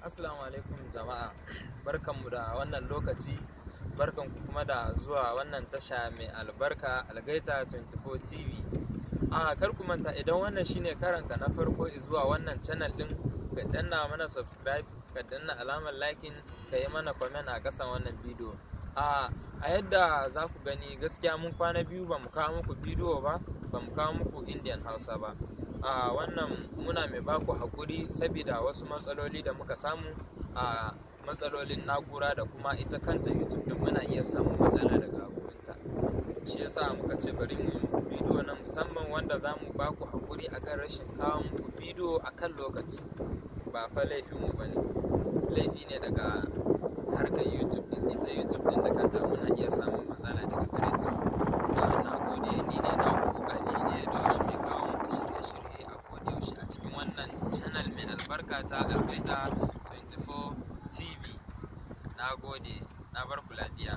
Assalamu alaikum jama'a barkanmu da wannan lokaci barkanku kuma da zuwa wannan tasha mai albarka algaita 24 tv a kar ku manta idan wannan shine karanka na farko zuwa wannan channel din ka danna mana subscribe ka danna alamar likin ka yi mana comment a kasan wannan bidiyo a yadda za ku gani gaskiya mun kwana biyu ba mu kawo muku bidiyo ba ba mu kawo muku indian hausa ba a wannan muna mai baku hakuri saboda wasu matsaloli da muka samu a matsalolin na'ura da kuma ita kanta youtube din muna iya samun matsala daga gurinta shi yasa muka ce bari mu yi muku bidiyo na musamman wanda za mu baku haƙuri akan rashin kawo muku bidiyo akan lokaci ba fa laifin mu bane laifi ne daga harkar youtube din ita youtube din da kanta muna iya samun matsala daga gare tasha ta 24 tv na gode na bar ku lafiya